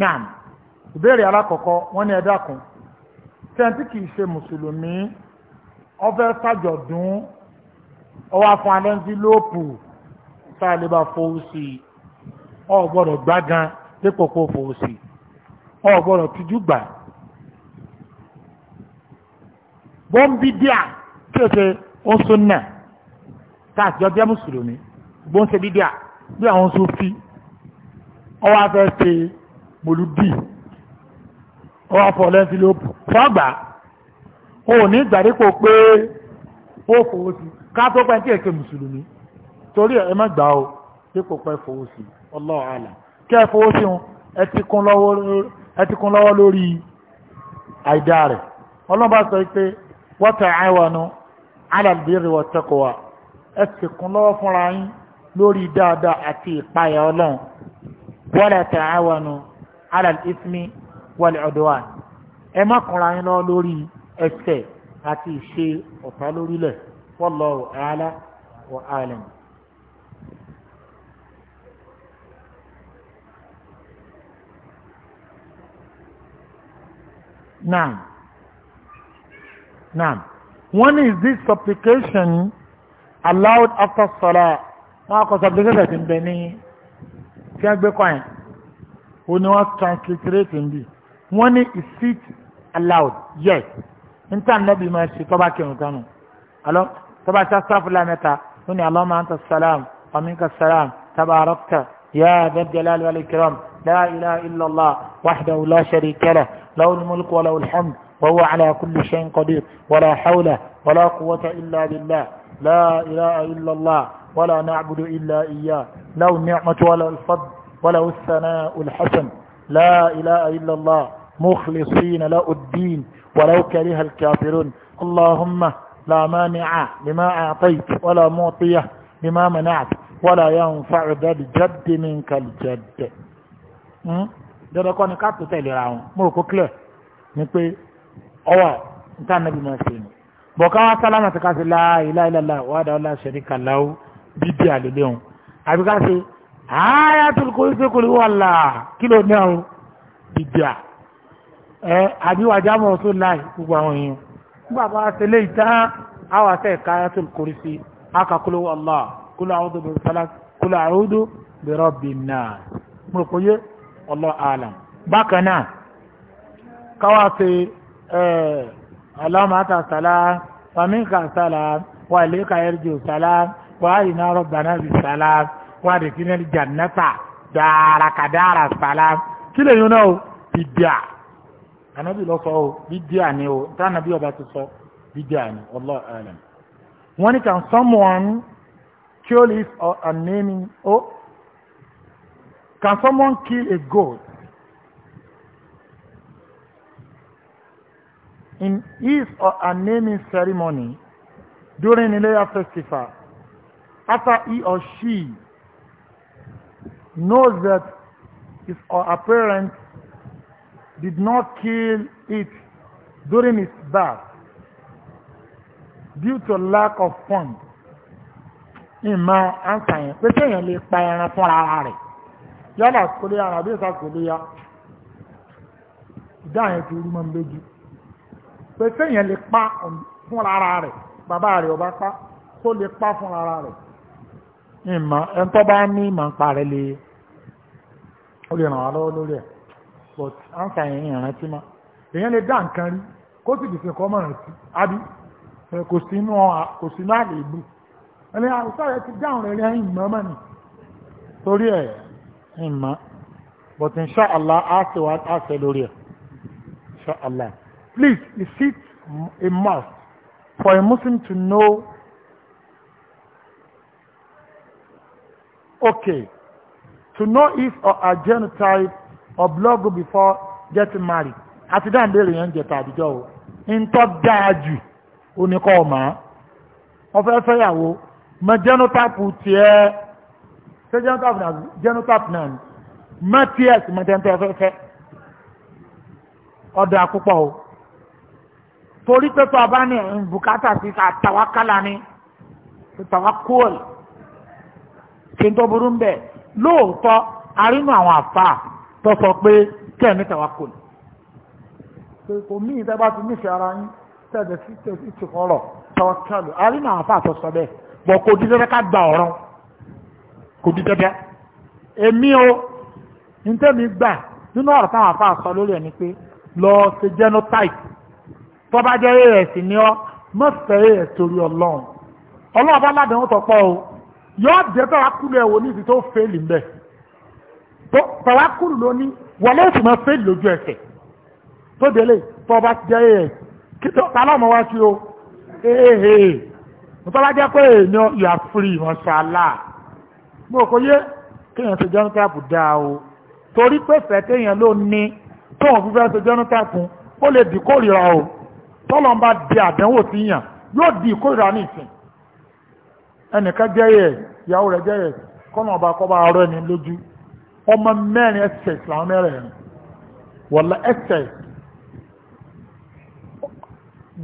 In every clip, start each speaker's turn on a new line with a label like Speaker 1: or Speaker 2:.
Speaker 1: naam ìbéèrè alákọ̀ọ́kọ́ wọ́n ní ẹ dákun tẹ́ǹtì kìí ṣe mùsùlùmí ọfẹ́ ṣàjọ̀dún ọwọ́ afọ alẹ́ńtílóòpù tá a lè bá fowó sí i ọ gbọ́dọ̀ gbá gan dípò kó fowó sí i ọ gbọ́dọ̀ tijú gbà bọ́ńbídíà kéèké oṣù náà tá a jọ jẹ́ mùsùlùmí bọ́ńṣe bídíà bí àwọn oṣù fi ọwọ́ afẹ́ ṣe mòlúdì ọwọ́ afọ lẹ́ńfílópù fọ́gbà o ní ìgbàdípò pé ó fowó sí ká tó pẹ́ tí èké mùsùlùmí torí ẹ má gbà ó dípò pẹ́ fowó sí Allahu àlà kẹ́ ẹ fowó sí wọn ẹ ti kún lọ́wọ́ lórí àìdá rẹ̀ ọlọ́ba sọ pé wọ́n tẹ̀ àìwá nu wọ́n tẹ́kọ̀ọ́ ẹ ti kún lọ́wọ́ fúnra yín lórí dáadáa àti ìpayà ọlọ́run wala ta'awanu ala al-ithmi wal-udwan ẹ má kọ́ra yín lọ lórí ẹ̀ṣẹ̀ àti ìṣe ọ̀tá lórílẹ̀ wallahu a'la wa a'lam. Naam. Naam. When is this supplication allowed after Salah? Wọ́n á kọ supplication ti ń tí wọ́n gbé kọ́ yẹn ó ní wọ́n transliterate ń bì wọ́n ní is it allowed yes n ta nẹ́bí máa ṣe tọ́ba kírun kanu alọ́ tọ́ba ṣe sáfùlà mẹ́ta ó ní Allahumma anta salam wa minka salam tabarakta يا ذا الجلال والإكرام لا إله إلا الله وحده لا شريك له له الملك وله الحمد وهو على كل شيء قدير ولا حول ولا قوة إلا بالله لا إله إلا الله ولا نعبد إلا إياه له النعمة وله الفضل وله الثناء الحسن لا إله إلا الله مخلصين له الدين ولو كره الكافرون اللهم لا مانع لما أعطيت ولا معطيه لما منعت ولا ينفع ذا الجد منك الجد dọ́dọ̀ kọ́ ni ká tó tẹ̀lé ra wọn mo rò kó clear ni pé ọwọ́ nǹkan nàbí máa الله ni bọ̀ ká wá bíbí àlélẹ́ òun àbí ká ṣe ayatul kursi kul wàlà kí ló náà o bíbí à àbí wàjà mọ̀ tó láì gbogbo àwọn èèyàn nígbà bá àwọn àṣẹ ayatul kursi aka kul wàlà kul a'udhu bi falaq kul a'udhu bi rabbin ala. mo rò pé yé wallahu bákan náà káwá ṣe وارنا ربنا بالسلام وادخلنا الجنة دارك دار السلام كلا ينو بدع النبي لو صو بدع نيو كان النبي أبا تصو بدع والله أعلم when can someone kill his or a naming oh can someone kill a goat in his or a naming ceremony during layer festival after he or she knows that his or her parents did not kill it during its birth due to lack of funds ìmọ̀ àǹfà yẹn pé kéèyàn lè pa ẹran fún ara rẹ̀ yálà kòlé ara bí ìta kòlé ya ìdá yẹn ti rú mọ́ mi lójú pé kéèyàn lè pa fún ara rẹ̀ bàbá rẹ̀ ọba pa tó lè pa fún rẹ̀ ìmọ̀ ẹni tó bá ní ìmọ̀ ń parẹ́ lé ó lè ràn wá lọ́wọ́ lórí ẹ̀ but ansa yẹn ìrántí mọ́ èèyàn lè dá nǹkan rí kó sì dìsìn kọ́ mọ̀ rántí àbí kò sínú kò sínú àlèébù ẹni àwùjọ rẹ ti dáhùn rẹ rí ìmọ̀ mọ́ ni torí ẹ̀ ìmọ̀ but inshallah á ṣe wá á ṣe lórí ẹ̀ inshallah please is it a must for a Muslim to know okay to know if a her genotype or blood group before getting married àti dáhùn béèrè yẹn ń jẹta àdìjọ o ń tọ́ dáa jù ó ní kọ́ ọ mọ́ ọ fẹ́ fẹ́yàwó mọ genotype tiẹ̀ ṣé genotype náà genotype náà ni mọ tiẹ̀ sì mọ tẹ́ntẹ́ fẹ́fẹ́ ọ̀dà púpọ̀ o torí pé tó a bá ní bùkátà sí ká tàwákálà ni ṣe ń tó burú ń bẹ̀ lóòótọ́ arínú àwọn àfà tó sọ pé kẹ́ẹ̀mí tàwa kò ní. kò mí ìtẹ́ bá ti nífẹ̀ẹ́ ara yín tẹ̀lé sí tẹ̀sí ti kọ́rọ̀ tọ́ kẹ́lù arínú àwọn àfà tó sọ bẹ́ẹ̀ bọ̀ kò di dẹ́dẹ́ ká gba ọ̀rọ̀ kò di dẹ́dẹ́. èmi o ntẹ́mi gbà nínú ọ̀rọ̀ táwọn àfà sọ lórí ẹ̀ ni pé lọ ṣe genotype tó bá jẹ́ as ni ọ́ mọ̀fẹ́ as torí ọlọ́run ọlọ́run bá ládàá ó tọ́pọ̀ o yóò jẹ́ tọ́wákùlù ẹ̀wò ní ibi tó fẹ́ẹ̀lì ń bẹ̀ tọ́wákùlù ló ní wọlé òsì máa fẹ́ẹ̀lì lójú ẹsẹ̀ tó délé tọ́ bá ti jẹ́ ẹ̀ kí tọ́lámọ̀ wá sí o ehe tọ́lá jẹ́ pé èèyàn yà fúri mọ́ṣálá mo kò yé kéèyàn ṣe jọ́nùtàpù dáa o torí pé fẹ́ kéèyàn ló ní tóun fífẹ́ ṣe jọ́nùtàpù ó lè dìkórìíra o tọ́lọ́n bá di àdánwò sí yàn yóò di ìkórìíra ní ìsìn ẹnìkan jẹ́yẹ̀ ìyàwó rẹ̀ jẹ́yẹ̀ kọ́nà ọba kọ́ba arọ ẹni lójú ọmọ mẹ́rin ẹsẹ̀ làwọn mẹ́rin ẹ̀rìn wọ̀lá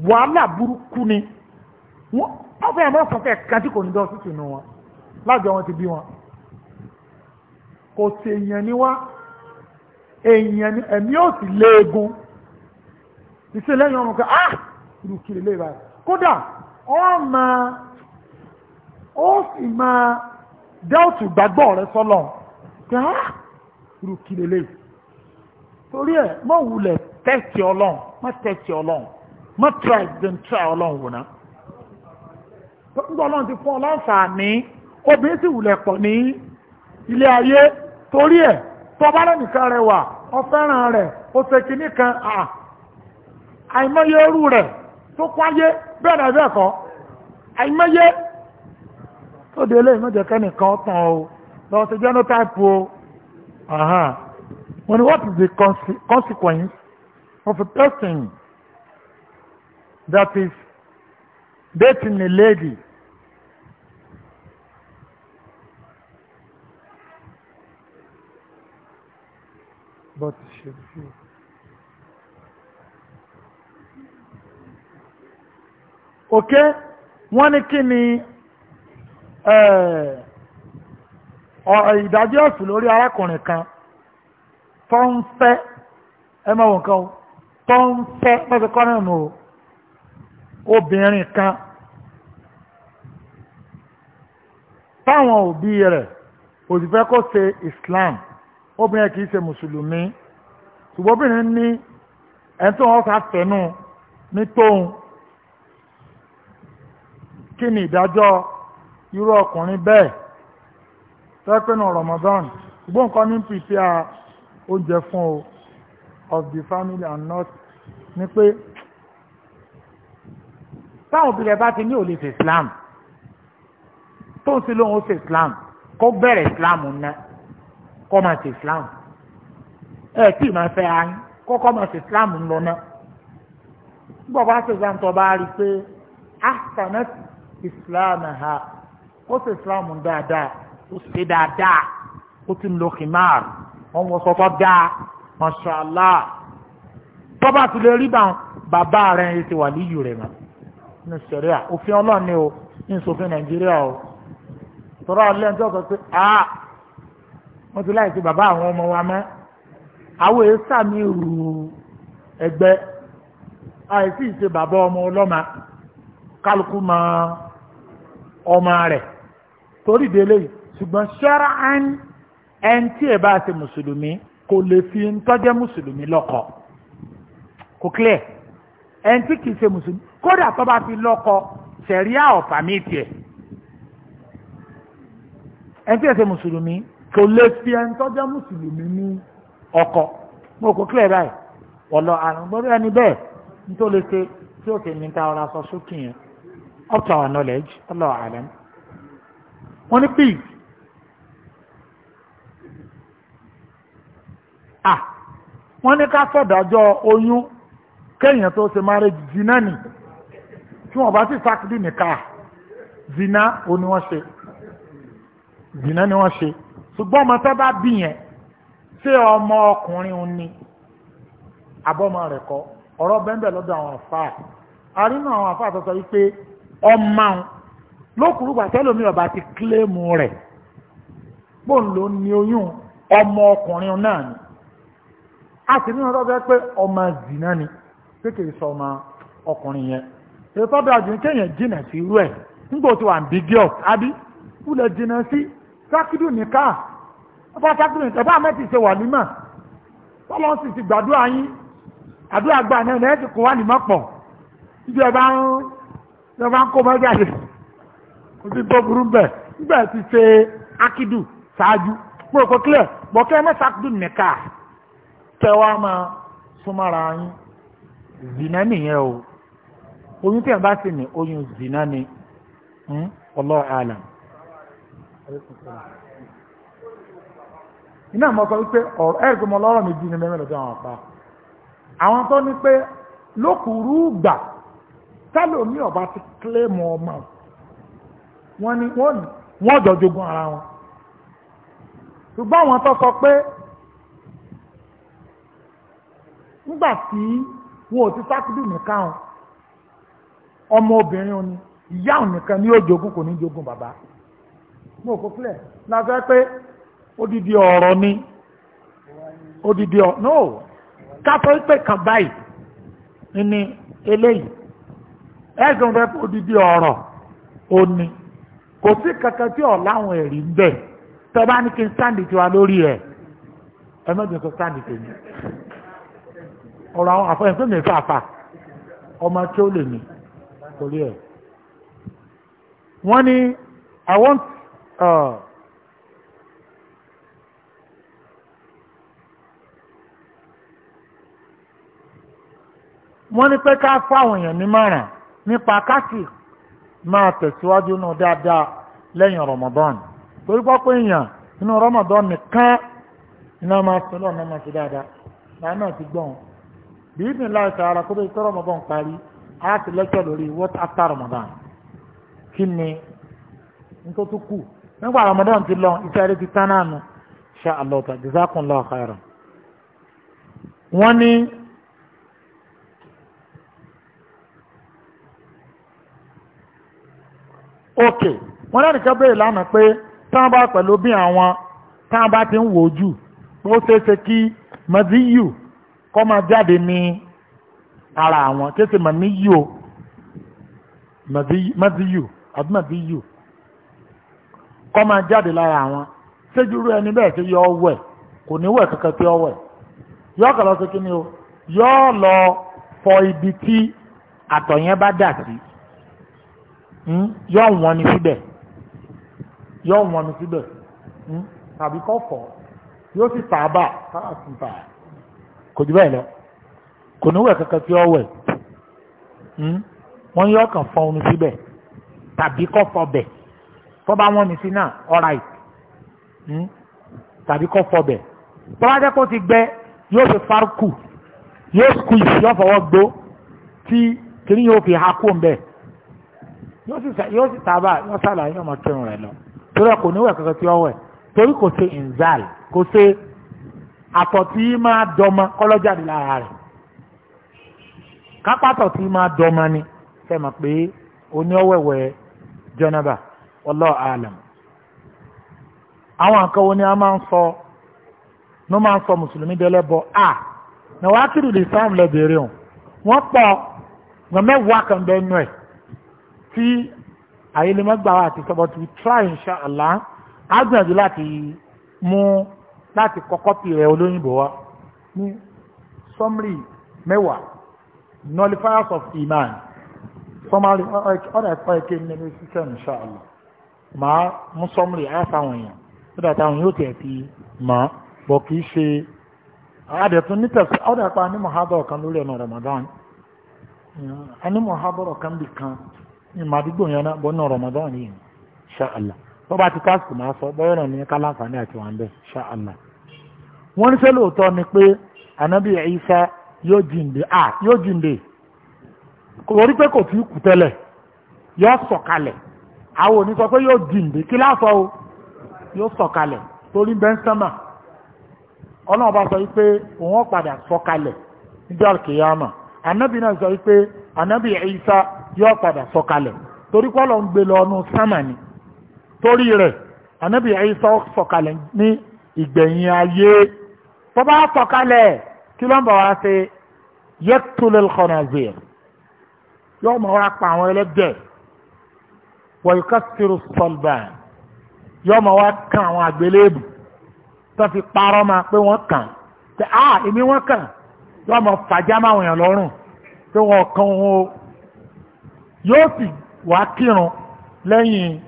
Speaker 1: wàhálà burúkú ni wọ́n fẹ́ mọ́ sọ́kẹ́ kájí kò ní dọ́sí tì nù wọn lájọ wọn ti bí wọn kò sí èèyàn ní wá èèyàn ní ẹ̀mí ò sì léegun ìṣẹ̀lẹ̀ yẹn wọn ah ìlú kiri lè báyìí kódà ọmọ ó sì máa dẹ́ọ̀tù gbàgbọ́ rẹ sọ́lọ̀ gbàá ah, irú kí lélẹ̀ torí ẹ̀ mọ̀ wulẹ̀ tẹ́tì ọlọ́run mọ̀ tẹ́tì ọlọ́run mọ̀ try then try ọlọ́run wò ná. nígbà ọlọ́run ti fún ọlọ́ǹfààní obìnrin sì wulẹ̀ pọ̀ ní ilé ayé torí ẹ̀ tọ́ba lẹ́nìkan rẹwà ọ̀fẹ́ràn rẹ̀ ó ṣe kinní kan àìmọye irú rẹ̀ tó kwáyé bẹ́ẹ̀ náà bẹ́ẹ̀ kọ́ àìmọye ó di eléyìí mọ́jọ kẹ́nìkan tán o lọ sí genotype o wọ́n ni what is the consequence of a person that is dating a lady but she refused. okay wọ́n ní kí ni ìdájọ́ ẹ̀sùn lórí arákùnrin kan tó ń fẹ́ ẹ máa nǹkan o tó ń fẹ́ pẹ́sẹ̀ kọ́nà o obìnrin kan táwọn òbí Islam obìnrin kì í ṣe mùsùlùmí ṣùgbọ́n obìnrin ní ẹni tó wọ́n sáfẹ́nu ní tóun kí ni ìdájọ́ irú ọkùnrin bẹ́ẹ̀ tẹ́pẹ́nù Ramadan ṣùgbọ́n nǹkan ní prepare oúnjẹ fún o of the family and not ni pé táwọn òbí rẹ̀ bá ti ní òlè ṣe Islam tó ń sí lóun ó ṣe Islam kó bẹ̀rẹ̀ Islam ná kó máa ṣe Islam ẹ̀ tí ì máa fẹ́ ayín kọ́kọ́ máa ṣe Islam ńlọ náà gbọ́dọ̀ bá ṣe Islam tó bá rí i pé ahsanat Islam ha ó sì islamu dáadáa ó sì dáadáa ó ti lo khimar wọn wọ sọtọ dáa mashallah tọ́ba ti lè rí bá bàbá rẹ̀ ń ṣe wà níyù rẹ̀ mọ́ ní sẹ̀ríà òfin ọlọ́run ni o ní sòfin nàìjíríà o tọ́lá ọlẹ́yìn tó sọ pé a wọ́n ti láì sí bàbá àwọn ọmọ wa mọ́ àwọn èyí sàmì rù ẹgbẹ́ àìsí ìṣe bàbá ọmọ ọlọ́mà kálukú mọ ọmọ rẹ̀ torí délé yìí ṣùgbọ́n ṣẹ́rán ẹni tí ẹ bá ṣe mùsùlùmí kò lè fi ń tọ́jẹ́ mùsùlùmí lọ́kọ kò clear ẹni tí kìí ṣe mùsùlùmí kódà tó bá fi lọ́kọ ṣẹ̀ríà ọ̀fà mi tiẹ̀ ẹni tí ẹ ṣe mùsùlùmí kò lè fi ẹni tọ́jẹ́ mùsùlùmí ní ọkọ mo kò clear báyìí ọ̀lọ́ àrùn gbọ́dọ̀ ẹni bẹ́ẹ̀ nítorí ṣe tí ó ṣe ní ta ọ̀rọ̀ aṣọ sókè yẹn up to our knowledge Allah alam wọ́n ní pig ah wọ́n ní ká sọ̀dájọ́ oyún kéèyàn tó ṣe marriage zina ni tí wọ́n bá sì sákìdì nìka zina o ni wọ́n ṣe zina ni wọ́n ṣe ṣùgbọ́n ọmọ tẹ́ bá bí yẹn ṣé ọmọ ọkùnrin òun ni abọ́mọ rẹ̀ kọ́ ọ̀rọ̀ bẹ́ńbẹ̀ lọ́dọ̀ àwọn àfáà arínú àwọn àfáà tó sọ wípé ọmọ àwọn lókùrúgbà tẹ́lómi ọba ti kílẹ̀mù rẹ̀ bóun ló ní oyún ọmọ ọkùnrin náà ni a sì nínú tó fẹ́ pé ọmọ zìnà ni pé kìí sọ ọmọ ọkùnrin yẹn ètò ọdọ àjùn kéèyàn jìnà sí irú ẹ̀ nígbà tó ambiguous àbí kúlẹ̀ jìnà sí sákìdù nìka ọba sákìdù nìka bá mẹ́tì ṣe wà nímọ̀ tọ́lọ́ sì ti gbàdúrà yín àdúrà gbà náà lẹ́yìn tí kò wá nímọ̀ pọ̀ ìjọba ń kó mọ́jáde kò sí tó burú bẹ́ẹ̀ nígbà tí ṣe akidu ṣáájú mo kò clear bọ̀ kẹ́ ẹ mẹ́ta akidu nìka tẹ́ wá máa súnmọ́ra yín zina nìyẹn o oyún tí a bá sì ní oyún zina ni hmm? Allahu alam. iná mọ̀ sọ wípé ọ̀rọ̀ ẹ̀rì pé mo lọ́rọ̀ mi jí ni mẹ́rin lọ́jọ́ àwọn àpá àwọn tó ní pé lókùrú gbà tẹ́lómi ọba ti kílẹ̀ mọ́ ọmọ wọ́n ní wọ́n jọ jogun ara wọn ṣùgbọ́n àwọn tó sọ pé nígbà tí wọn ò ti sákìdù nìkan ọmọ obìnrin òní ìyá ònìkan ni yóò jogun kò ní jogun bàbá mo kò clear láti pé odidi ọ̀rọ̀ ni odidi ọ̀ no kátó pé kan báyìí ni eléyìí ẹ̀sùn rẹ̀ odidi ọ̀rọ̀ òní kò sí kankan tí ọ̀ láwọn ẹ̀rí ń bẹ̀ tẹ́ bá ní kí n sáǹdì tiwa lórí ẹ̀ ẹ mẹ́jọ sọ sáǹdì tèmi ọ̀rọ̀ àwọn àfọyín pé mi fàfà ọmọ tí ó lè ní torí ẹ̀ wọ́n ní I want uh, wọ́n ní pé ká fáwọn èèyàn nímọ̀ràn nípa ká sì máa tẹ̀síwájú náà dáadáa lẹ́yìn Ramadan torí pápá èèyàn inú Ramadan nìkan iná máa sọ lọ́nà máa ti dáadáa náà náà ti gbọ́n bíi ní ara kó Ramadan parí a ti lórí what after Ramadan kí ni nítorí tó kù nígbà Ramadan ti lọ iṣẹ́ rẹ ti tán náà nù ṣe òkè wọn lẹ́nìkan béèrè lánàá pé táwọn bá pẹ̀lú bí àwọn táwọn bá ti ń wò jù pé ó ṣeé ṣe kí mọ̀díyù kọ́ máa jáde ní ara àwọn kéṣe mọ̀níyù mọ̀díyù àbí mọ̀díyù kọ́ máa jáde lára àwọn séjúrú ẹni bẹ́ẹ̀ ṣe yọ ọwẹ́ kò ní wẹ̀ kankan pé ọwẹ́ yọ ọkọ̀ lọ sí kí ni o yọ ọ lọ fọ ibi tí àtọ̀ yẹn bá dà sí. Hmm? yọ wọn ni síbẹ̀ yọ wọn ni síbẹ̀ hmm? tàbí kọ́kọ́ yóò sì tààbà káàkiri tààbà kò jù bẹ́ẹ̀ lọ kò níwẹ̀ kankan tí ó wẹ̀ hmm? wọ́n yọ kàn fọ omi síbẹ̀ tàbí kọ́ fọbẹ̀ tó bá wọ́n mi sí náà alright tàbí kọ́ fọbẹ̀ tó bá jẹ́ kó ti gbẹ yóò fi farku yóò squeeze yóò fọwọ́ gbó tí kìnìún yóò fi ha kó ń bẹ́ẹ̀ yóò sì sábà yóò sàlà yóò máa kírun rẹ̀ lọ torí kò níwẹ̀ kankan tí ó wẹ̀ torí kò ṣe inzal kò ṣe àtọ̀ tí máa dọmọ kọ́lọ́jáde lára rẹ̀ kápátọ̀ tí máa dọmọ ni fẹ́ mọ̀ pé oní ọ̀wẹ̀wẹ̀ jẹ́nàbà wallahu alam àwọn nǹkan wo ni a máa ń sọ ní wọ́n máa ń sọ mùsùlùmí délẹ́bọ a nàwákìrì lè sáàmù lẹ́bẹ̀rẹ̀ hàn wọ́n pọ̀ gbọ̀mẹ́wàá kan bẹ́ẹ̀ nù ẹ̀ tí àyẹlẹmọgbà wa àti sọbọ tí try insha Allah á gbìyànjú láti mú láti kọ kọ́pì rẹ̀ olóyìnbó wa ní summary mẹ́wàá nullifiers of iman summary ọ̀dà ẹ̀kọ́ ẹ̀kẹ́ nínú sísẹ́ insha Allah màá mú summary àyàfáwọn èèyàn ó dàtà àwọn yóò tẹ̀ fi mọ́ bọ̀ kì í ṣe àdẹ̀tún ní tẹ̀sí ọ̀dà pa ní mọ̀hábọ̀ kan lórí ọ̀nà Ramadan a ní mọ̀hábọ̀ kan bì kan màdúgbò yẹn náà bọ́nà Ramadan yìí ṣáàlà tó bá ti káàsì máa sọ bọ́yọ̀ náà ní kálàǹfààní àti wọn bẹ́ẹ̀ ṣáàlà. wọ́n ní sẹ́lẹ̀ òótọ́ ni pé ànábì Ìsá yóò yóò orí pé kò tí kù tẹ́lẹ̀ yóò sọ̀kalẹ̀ àwọn òní sọ pé yóò jíǹde kí láàfọ o yóò sọ̀kalẹ̀ torí bẹ́ńsámà ọlọ́run bá sọ òun sọ̀kalẹ̀ níjọ́ náà sọ yóò padà sọ̀kalẹ̀ torí kọ́lọ̀ ń gbé lọ ọnu sánmà ni torí rẹ̀ ànábì Ìsá sọ̀kalẹ̀ ní ìgbẹ̀yìn ayé tó bá sọ̀kalẹ̀ kí ló ń bọ̀ wá ṣe yaqtulul khanazir yóò mọ̀ wá pa àwọn ẹlẹ́dẹ̀ wa yukaththiru salban yóò mọ̀ wá kan àwọn àgbélébù tó fi parọ́ ma pé wọ́n kàn pé ah, èmi wọ́n kàn yóò mọ̀ fàjá máwọn èèyàn lọ́rùn pé wọ́n kàn wọn o. yóò sì wá kírun lẹ́yìn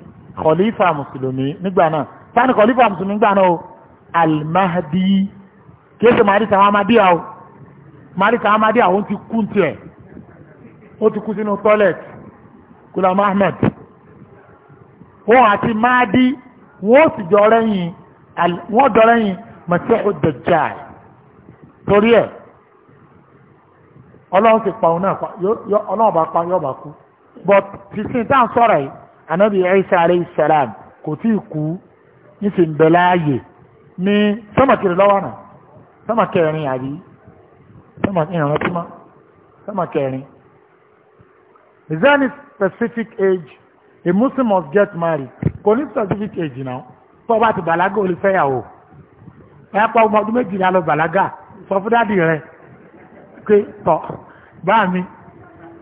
Speaker 1: kọ̀lífà mùsùlùmí nígbà náà tani kọ̀lífà mùsùlùmí nígbà náà o alimahdi kìí amadiya o màdìsá amadiya o ti kú tiẹ̀ O ti kú sínú tọ́lẹ̀tì Ahmed wọn àti Mahdi wọn ó sì jọ lẹ́yìn wọn Dajjal torí ọlọ́run ti pa òun náà ọlọ́run bá pa bá kú but fifteen tá à ń sọ̀rọ̀ yìí anabi isa aleyhi salam kò tí ì kú ní sì ń bẹ láàyè ní sọ́mọ̀kiri lọ́wọ́ náà sọ́mọ̀kẹrin àbí sọ́mọ̀kẹrin ọ̀rọ̀ tí mọ́ sọ́mọ̀kẹrin. is there any specific age a muslim must get married kò ní specific age náà tó o bá ti bàlágà o lè fẹ́yàwó ẹ̀ pa ọmọ ọdún méjìlá lọ bàlágà sọ fún dádì rẹ pé tọ́ báà mi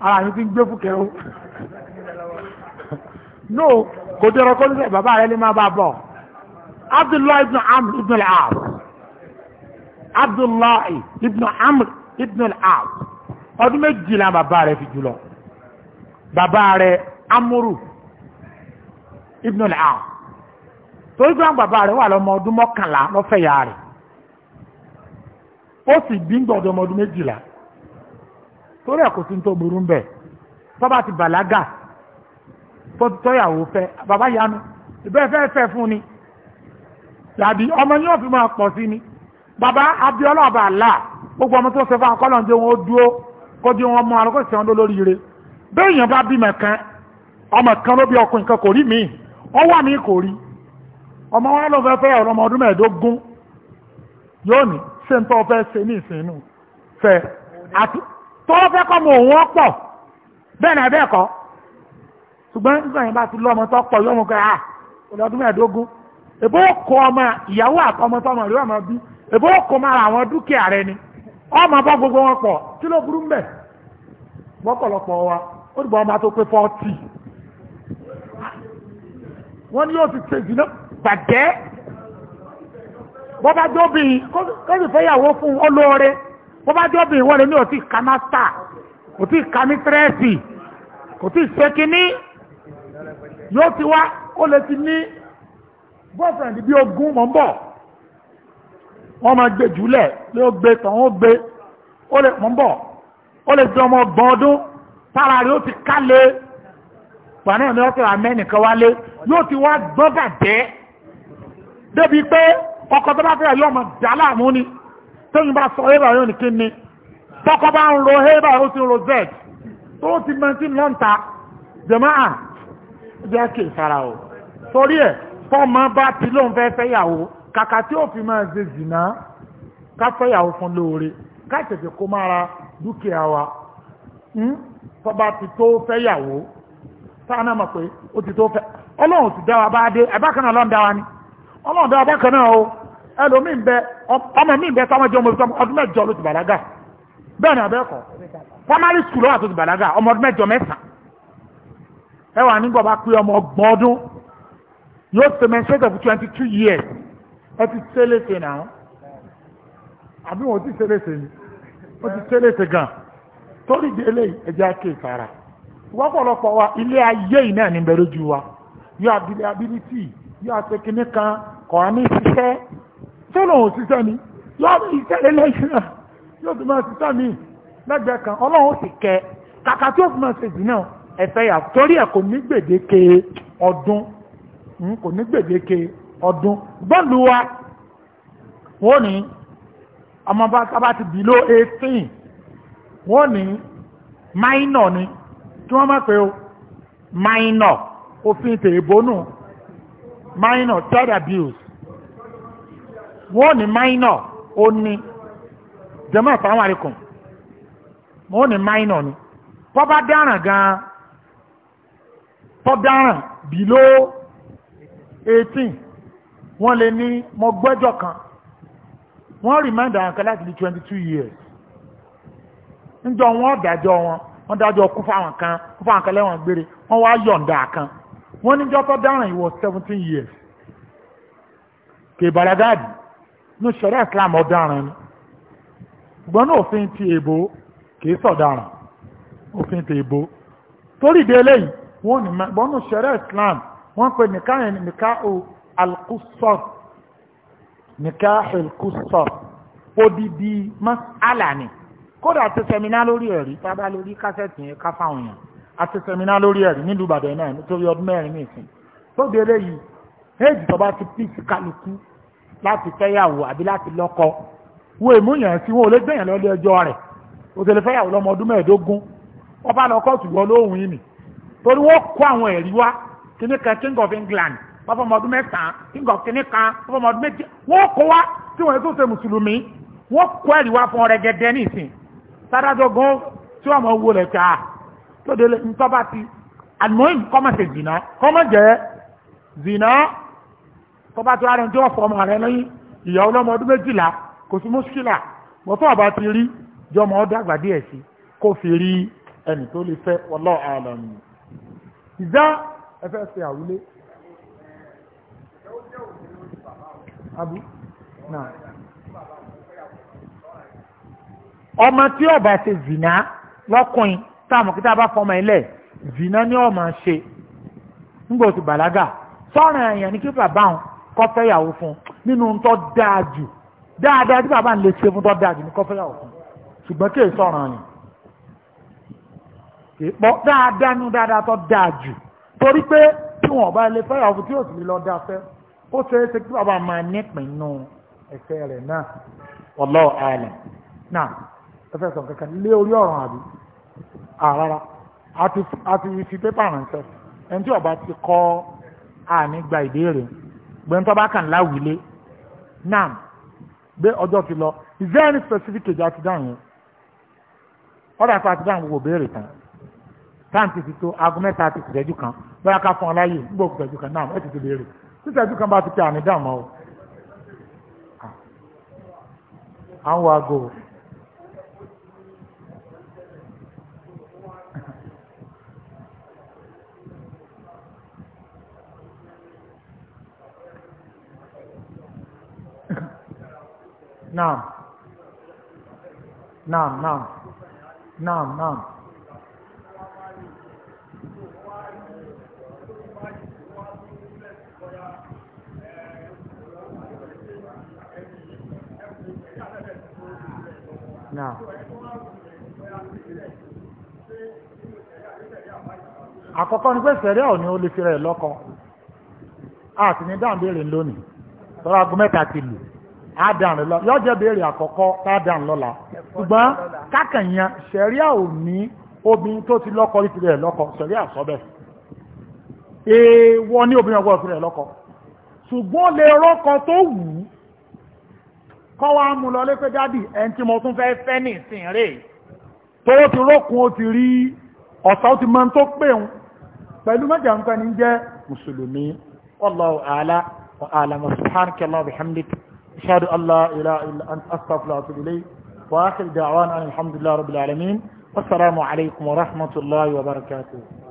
Speaker 1: ara yín ti ń gbé fúkẹ́ o no kò dọ̀rọ̀ kó níbẹ̀ bàbá rẹ̀ lè máa bá a bọ̀ abdullahi ibn amr ibn al-aas abdullahi ibn amr ibn al-aas ọdún méjìlá bàbá rẹ̀ fi jùlọ bàbá rẹ̀ amúrù ibn al-aas torí gbọ́n bàbá rẹ̀ wà lọ́mọ ọdún mọ́kànlá lọ́fẹ̀ẹ́ yà ó sì bí gbọ́dọ̀ ọmọ ọdún méjìlá torí ẹ̀ kò sí tó burú bẹ̀ tó bá ti bàlágà tó tọ́yàwó fẹ́ bàbá yanu ìbẹ́ fẹ́ fẹ́ fún ni tàbí ọmọ yóò fi máa pọ̀ sí ni bàbá abiola ọba àlà gbogbo ọmọ tó sọfọ akọ́lọ̀ ń jẹ́ wọn dúró kó di wọn mọ àlọ́kọ̀ sí wọn lórí ire bẹ́ẹ̀ bá bímọ kan ọmọ kan ló bí ọkùnrin kan kò rí mi ó wà mí kò rí ọmọ wọn ló fẹ́ fẹ́ ọmọ ọdún mẹ́ẹ̀ẹ́dógún yóò ní ṣé ń tọ́ ní ìsìn inú fẹ́ àti tó fẹ́ kọ́ mọ òun ọ̀pọ̀ bẹ́ẹ̀ náà bẹ́ẹ̀ kọ́ ṣùgbọ́n nígbà yẹn bá ti lọ́mọ tó pọ̀ yọmọ pé à ah, ọdún mẹ́ẹ̀ẹ́dógún èbó kọ ọmọ ìyàwó àtọmọ tọmọ rẹ ọmọ bí èbó kọ ọmọ ara àwọn dúkìá rẹ ni ọmọ bá gbogbo wọn pọ̀ kí ló burú mbẹ̀ gbọ́pọ̀lọpọ̀ wa ó dìbò ọmọ tó pé fọ́ọ̀tì wọ́n ní yóò ti ṣe ìdìná bàjẹ́ bọ́bá jóbi kó sì fẹ́yàwó fún olóore bó bá jọ́ bí ìwọ́n lè ní òtí ka mástà òtí ka mítírẹ́sì òtí ṣe kínní yóò ti wá ó lè ti ní boyfriend bí ogún mọ̀ ń bọ̀ wọ́n máa gbé jùlẹ̀ lé ó gbé tàn ó gbé ó lè mọ̀ ń bọ̀ ó lè jẹ́ ọmọ ọgbọ̀n ọdún tára rẹ̀ ó ti ká lé gbà náà ni wọ́n ti rà mẹ́nìkan wálé yóò ti wá gbọ́n bàjẹ́ débi pé ọkọ̀ tó bá fẹ́rẹ̀ yóò mọ̀ dá láàmú tẹ́yìn bá sọ ẹ́bà yóò ní kí ni tọ́kọ bá ń ro ẹ́bà ó ti ro z tó ti mẹ́tí lọ́ǹta jẹ̀máà jẹ́ kì í sára o torí ẹ̀ fọ́ọ̀mọ́ bá ti lóun fẹ́ fẹ́yàwó kàkà tí ó fi máa ṣe zìnà ká fẹ́yàwó fún lóore ká tètè kó mára dúkìá wa hmm? tó bá ti tó fẹ́yàwó sáà mọ̀ pé ó ti tó fẹ́ ọlọ́run ti dá wa bá dé ẹ̀bá kan náà wa ni ọlọ́run dá wa bá kan náà o. ẹlòmíì bẹ ọmọ mi bẹ sọmọ ọmọ ìfọmọ ọdún mẹ́jọ ló ti bàlágà bẹ́ẹ̀ ni abẹ́ẹ̀kọ́ primary school wà tó ti bàlágà ọmọ ọdún mẹ́jọ mẹ́sàn ẹ wà nígbà bá pé ọmọ twenty two years ẹ ti náà àbí wọn ò ti ni ti gan torí wọ́pọ̀lọpọ̀ wa ilé ayé yìí náà ní bẹ̀rẹ̀ ju wa tọ́nà òṣìṣẹ́ ni yọ iṣẹ́ eléyìí náà yóò fi máa ṣiṣẹ́ mi lẹ́gbẹ̀ẹ́ kan ọlọ́run sì kẹ kàkà tí ó fi máa ṣe jù náà ẹ̀fẹ́ yà torí ẹ̀ kò ní gbèdéke ọdún hmm, kò ní gbèdéke ọdún bọ́ọ̀lù wa wọ́n ní ọmọ bá ti bìló 18 wọ́n ní minor ni kí wọ́n má o minor òfin tèébónú minor child abuse wọ́n ní minor ó ní jẹ́mọ́ ìfàwọn àríkùn wọ́n ní minor ni tó bá dáràn gan tó dáràn below 18 wọ́n lè ní mọ́gbẹ́jọ kan wọ́n remind àwọn kan láti di 22 years níjọ wọ́n dájọ́ wọn wọ́n dájọ́ kú fáwọn kan kú fáwọn kan lẹ́wọ̀n gbére wọ́n wá yọ̀ǹda kan wọ́n níjọ́ tó dáràn ìwọ̀ 17 years kèbàlágádìí ní ṣẹ̀rẹ́ islam ọ̀daràn ni ṣùgbọ́n ní òfin ti èbó kìí sọ̀daràn òfin ti èbó torí ìdí eléyìí wọ́n ní mẹ́gbọ́n ní ṣẹ̀rẹ́ islam wọ́n pe nìka yẹn nìka o alkusor nìka alkusor odidi masala ni kódà àti sẹminá lórí ẹ̀rí tábà lórí kásẹ̀tì yẹn ká fáwọn àti sẹminá lórí ẹ̀rí nílùú ìbàdàn náà nítorí ọdún mẹ́rin nìsín tó di eléyìí éèdì tó bá ti píìsì kálukú láti fẹ́yàwó àbí láti lọ́kọ wo ìmúyàn sí wọn ò lè gbẹ̀yàn lọ́lé ọjọ́ rẹ̀ o tẹ̀lé fẹ́yàwó lọ́mọ ọdún mẹ́ẹ̀ẹ́dógún wọ́n bá lọ kóòtù wọ lóhùn yìí nì torí wọ́n kó àwọn ẹ̀rí wá kíní kan king of England wọ́n fọmọ ọdún mẹ́sàn-án king of kíní kan wọ́n fọmọ ọdún méje wọ́n kó wá tí wọ́n tó ṣe mùsùlùmí wọ́n kó ẹ̀rí wá fún ọ̀rẹ́gẹ́dẹ́ nísìn sádájọ́ gan tí wọ́n mọ̀ wọlé ta tó délé ntọ́ bá ti àlùmọ́yìn kọ́mọ̀ ṣe zìnà kọ́mọ̀ jẹ́ zìnà tó bá ti rárẹ̀ ń jẹ́ ọ̀fọ̀ ọmọ rẹ lẹ́yìn ìyá ọlọ́mọ ọdún méjìlá kò sí mọ́ṣíkìlà mọ́tò ọba ti rí jọmọ ọdún àgbà díẹ̀ sí kó fi rí ẹni tó lè fẹ́ wallahu alam ìzá ẹ fẹ́ ṣe àwílé. abu náà ọmọ tí ọba ṣe zìnà lọ́kùnrin táàmù kí tá a bá fọmọ ilẹ̀ zìnà ni ọmọ ṣe ńgbò tí bàlágà sọ́ọ̀rọ̀ ẹ̀yàn ní kí bàbá wọn kọ́fẹ́yàwó fún nínú tó dáa jù dáadáa tí bàbá ń lè ṣe fún tó dáa jù ní kọ́fẹ́yàwó fún ṣùgbọ́n kí èso ọ̀ràn yìí ìpọ́ dáadáa nínú dáadáa tó dáa jù torí pé tí wọ́n bá lè fẹ́yàwó fún tí yóò sì lọ dá fẹ́ ó ṣe é ṣe kí bàbá máa nípìn nínú ẹsẹ̀ rẹ̀ náà wallahu a'lam náà ẹ fẹ́ sọ kankan lé orí ọ̀ràn àbí àrárá àti fi pépà ránṣẹ́ ẹni tí ọba ti kọ́ àní gba ìbéèrè gbẹ̀ntọ́ bá kàn láwùlé náà gbé ọjọ́ ti lọ is there any specific age àti dáhùn yẹn ọ̀dà kan àti dáhùn gbogbo béèrè tán táǹtì ti tó aago mẹ́ta àti ìṣẹ́jú kan bóyá ká fún ọ láyè nígbà òkú ìṣẹ́jú kan náà ẹ ti ti béèrè ìṣẹ́jú kan bá ti tẹ àmì dáhùn mọ́ o àwọn aago. نعم نعم نعم نعم نعم àkọ́kọ́ ni pé sẹ̀rí ni ó lè fi rẹ̀ lọ́kọ àti ní dáǹbẹ̀rẹ̀ lónìí tọ́rọ agbọ́mẹ́ta á dànù lọ jẹ́ béèrè àkọ́kọ́ tá ṣùgbọ́n kákànyàn sẹ̀ríà ò ní obìnrin tó ti lọ́kọ rí tirẹ̀ lọ́kọ sẹ̀ríà sọ́bẹ̀ èèwọ̀ ní obìnrin ọgbọ́n tirẹ̀ lọ́kọ ṣùgbọ́n lè rọ́kọ tó wù ú kọ́ wa mú lọ lé pé dádì ẹni tí mo tún fẹ́ fẹ́ ní ìsìn rè tó ti أشهد أن لا إله إلا أنت أستغفر وأتوب إليك وآخر دعوانا الحمد لله رب العالمين والسلام عليكم ورحمة الله وبركاته